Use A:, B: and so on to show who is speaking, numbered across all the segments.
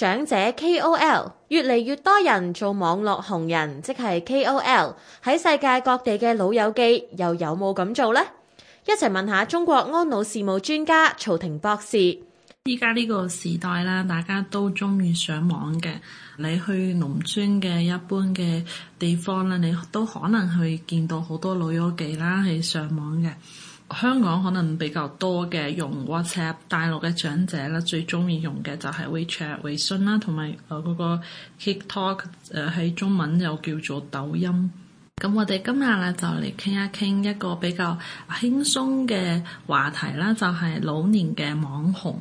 A: 長者 KOL 越嚟越多人做網絡紅人，即係 KOL 喺世界各地嘅老友記，又有冇咁做呢？一齊問下中國
B: 安老事務專家曹婷博士。依家呢個時代啦，大家都中意上網嘅。你去農村嘅一般嘅地方啦，你都可能去見到好多老友記啦，係上網嘅。香港可能比較多嘅用 WhatsApp，大陸嘅長者咧最中意用嘅就係 WeChat、微信啦，同埋誒嗰個 TikTok 誒、呃、喺中文又叫做抖音。咁我哋今日咧就嚟傾一傾一個比較輕鬆嘅話題啦，就係、是、老年嘅網紅。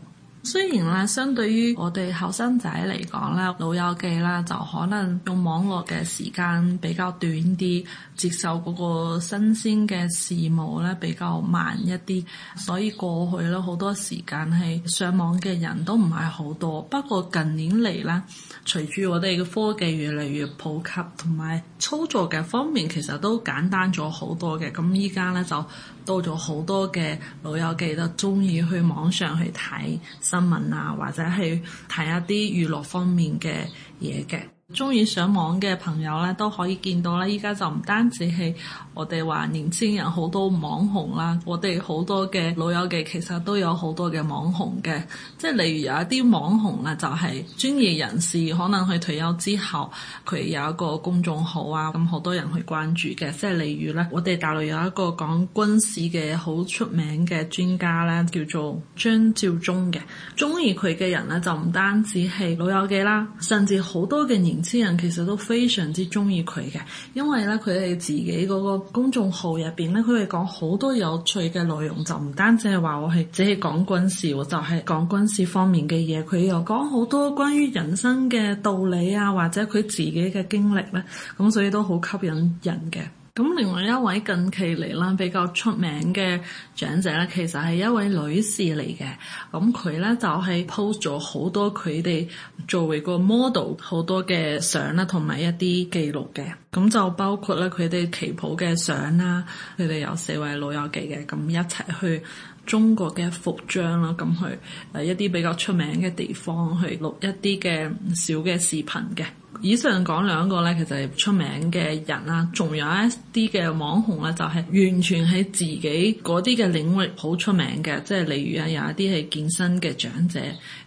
B: 雖然啦，相對於我哋後生仔嚟講啦，老友記啦，就可能用網絡嘅時間比較短啲，接受嗰個新鮮嘅事務咧比較慢一啲，所以過去咧好多時間係上網嘅人都唔係好多。不過近年嚟啦，隨住我哋嘅科技越嚟越普及，同埋，操作嘅方面，其實都簡單咗好多嘅，咁依家咧，就多咗好多嘅老友記都中意去網上去睇新聞啊，或者去睇一啲娛樂方面嘅嘢嘅。中意上網嘅朋友咧，都可以見到啦。依家就唔單止係我哋話年青人好多網紅啦，我哋好多嘅老友記其實都有好多嘅網紅嘅。即係例如有一啲網紅啊，就係專業人士，可能去退休之後，佢有一個公眾號啊，咁好多人去關注嘅。即係例如咧，我哋大陸有一個講軍事嘅好出名嘅專家咧，叫做張召忠嘅。中意佢嘅人咧，就唔單止係老友記啦，甚至好多嘅年人其實都非常之中意佢嘅，因為咧佢哋自己嗰個公眾號入邊咧，佢哋講好多有趣嘅內容，就唔單止係話我係只係講軍事，就係講軍事方面嘅嘢，佢又講好多關於人生嘅道理啊，或者佢自己嘅經歷咧，咁所以都好吸引人嘅。咁另外一位近期嚟啦，比較出名嘅長者咧，其實係一位女士嚟嘅。咁佢咧就係 post 咗好多佢哋作為個 model 好多嘅相啦，同埋一啲記錄嘅。咁就包括咧佢哋旗袍嘅相啦，佢哋有四位老友記嘅，咁一齊去中國嘅服裝啦，咁去誒一啲比較出名嘅地方去錄一啲嘅小嘅視頻嘅。以上講兩個咧，其實係出名嘅人啦。仲有一啲嘅網紅咧，就係完全喺自己啲嘅領域好出名嘅，即係例如啊有一啲係健身嘅長者，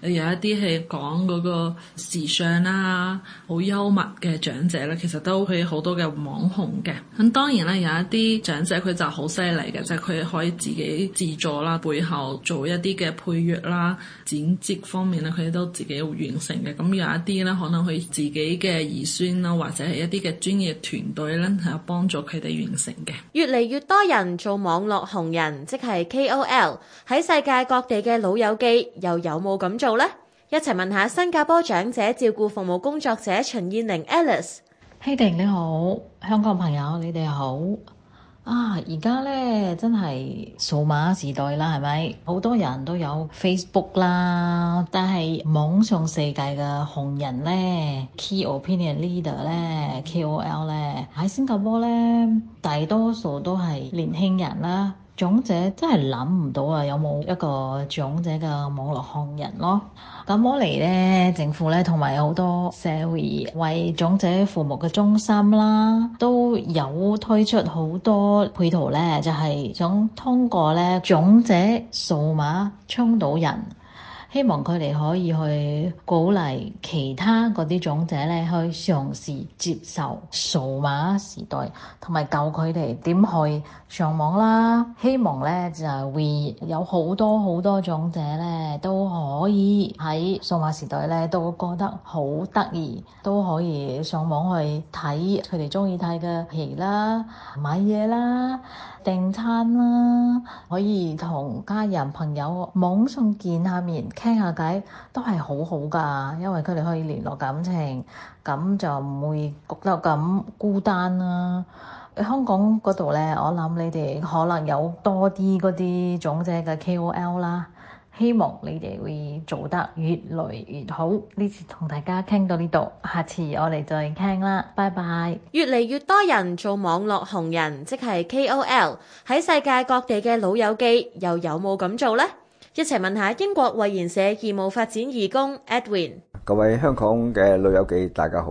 B: 有一啲係講個時尚啦，好幽默嘅長者咧，其實都係好多嘅網紅嘅。咁當然咧，有一啲長者佢就好犀利嘅，就係佢可以自己自助啦。背後做一啲嘅配樂啦，剪接方面咧，佢哋都自己完成嘅。咁有一啲咧，可能佢自己嘅兒孫啦，或者係一啲嘅專業團隊咧，係有幫助佢哋完成嘅。
A: 越嚟越多人做網絡紅人，即係 KOL，喺世界各地嘅老友記，又有冇咁做呢？一齊問一下新加坡長者照顧服務工作者陳燕玲 Alice，希弟、hey，你好，香港朋友你哋好。啊！而家咧真係數碼時代啦，係咪？好多人都有 Facebook 啦，但係網上世界嘅紅人咧，Key Opinion Leader 咧，KOL 咧，喺新加坡咧，大多數都係年輕人啦。長者真係諗唔到啊！有冇一個長者嘅網絡紅人咯？咁我嚟呢政府呢，同埋好多社會為長者服務嘅中心啦，都有推出好多配套呢，就係、是、想通過呢長者數碼衝到人。希望佢哋可以去鼓勵其他嗰啲長者咧，去嘗試接受數碼時代，同埋教佢哋點去上網啦。希望咧就係會有好多好多長者咧，都可以喺數碼時代咧都覺得好得意，都可以上網去睇佢哋鍾意睇嘅戲啦、買嘢啦、訂餐啦，可以同家人朋友網上見下面。傾下偈都係好好㗎，因為佢哋可以聯絡感情，咁就唔會覺得咁孤單啦、啊。香港嗰度呢，我諗你哋可能有多啲嗰啲長者嘅 KOL 啦，希望你哋會做得越來越好。呢次同大家傾到呢度，下次我哋再傾啦，拜拜。越嚟越多人做網絡紅人，即係 KOL。喺世界各地嘅老友記，又有冇咁做呢？一齊問下英國衛研社義務發展義工 Edwin，
C: 各位香港嘅老友記，大家好，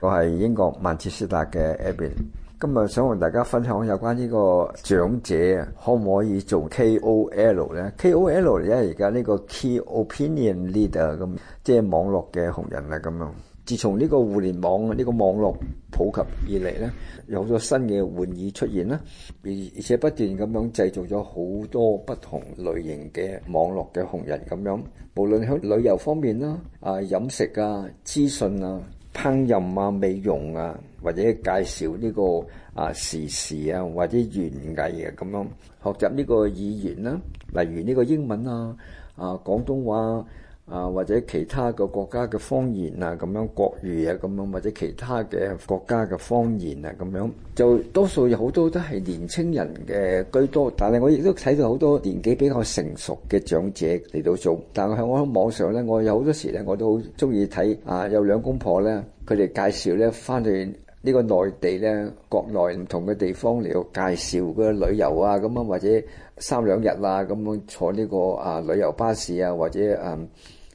C: 我係英國曼徹斯特嘅 Edwin，今日想同大家分享有關呢個長者可唔可以做 KOL 咧？KOL 咧而家呢個 key opinion leader 咁，即係網絡嘅紅人啊咁樣。自從呢個互聯網呢、呢個網絡普及以嚟咧，有咗新嘅玩意出現啦，而而且不斷咁樣製造咗好多不同類型嘅網絡嘅紅人咁樣。無論喺旅遊方面啦、啊飲食啊、資訊啊、烹飪啊、美容啊，或者介紹呢個啊時事啊，或者園藝啊咁樣學習呢個語言啦，例如呢個英文啊、啊廣東話、啊。啊，或者其他嘅國家嘅方言啊，咁樣國語啊，咁樣或者其他嘅國家嘅方言啊，咁樣就多數有好多都係年青人嘅居多，但係我亦都睇到好多年紀比較成熟嘅長者嚟到做。但係我喺網上呢，我有好多時呢，我都好鍾意睇啊，有兩公婆呢，佢哋介紹呢返去。呢個內地呢，國內唔同嘅地方嚟介紹個旅遊啊，咁啊或者三兩日啊，咁樣坐呢個啊旅遊巴士啊，或者誒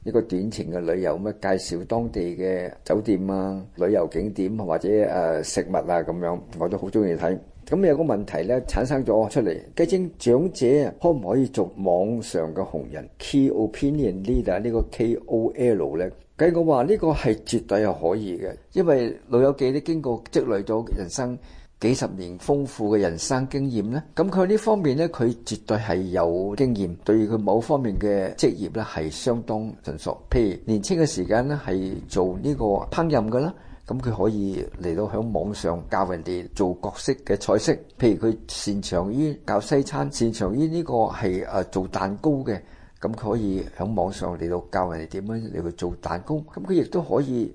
C: 呢個短程嘅旅遊咁、啊、介紹當地嘅酒店啊、旅遊景點、啊、或者誒食物啊咁樣，我都好中意睇。咁有個問題咧，產生咗出嚟，即係長者可唔可以做網上嘅紅人？Key Opinion Leader 呢個 K O L 咧，計我話呢個係絕對係可以嘅，因為老友記咧經過積累咗人生幾十年豐富嘅人生經驗咧，咁佢呢方面咧佢絕對係有經驗，對於佢某方面嘅職業咧係相當純熟。譬如年輕嘅時間咧係做呢個烹飪㗎啦。咁佢可以嚟到喺網上教人哋做各式嘅菜式，譬如佢擅長於教西餐，擅長於呢個係誒做蛋糕嘅。咁佢可以喺網上嚟到教人哋點樣嚟去做蛋糕。咁佢亦都可以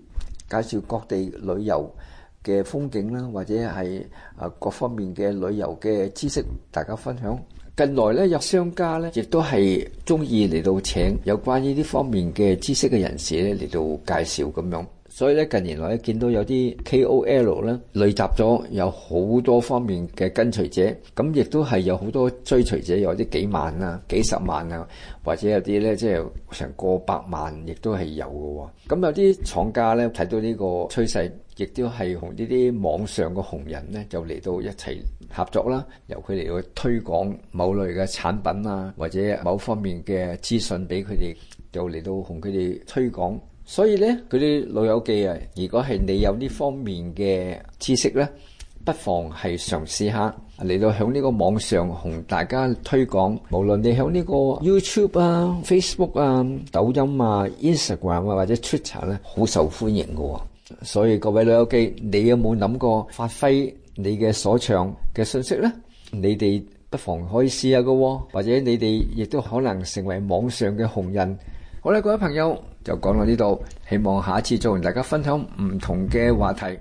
C: 介紹各地旅遊嘅風景啦，或者係誒各方面嘅旅遊嘅知識，大家分享。近來咧有商家咧，亦都係中意嚟到請有關於呢方面嘅知識嘅人士咧嚟到介紹咁樣。所以咧近年來咧見到有啲 KOL 咧累積咗有好多方面嘅跟隨者，咁亦都係有好多追隨者，有啲幾萬啊、幾十萬啊，或者有啲咧即係成過百萬，亦都係有嘅。咁有啲廠家咧睇到呢個趨勢，亦都係同呢啲網上嘅紅人咧就嚟到一齊合作啦，由佢嚟去推廣某類嘅產品啊，或者某方面嘅資訊俾佢哋，就嚟到同佢哋推廣。所以咧，嗰啲老友記啊，如果係你有呢方面嘅知識咧，不妨係嘗試下嚟到響呢個網上同大家推廣。無論你響呢個 YouTube 啊、Facebook 啊、抖音啊、Instagram 啊、或者 Twitter 咧，好受歡迎嘅。所以各位老友記，你有冇諗過發揮你嘅所長嘅信息咧？你哋不妨可以試下嘅，或者你哋亦都可能成為網上嘅紅人。好啦，各位朋友。就講到呢度，希望下一次再同大家分享唔同嘅話題。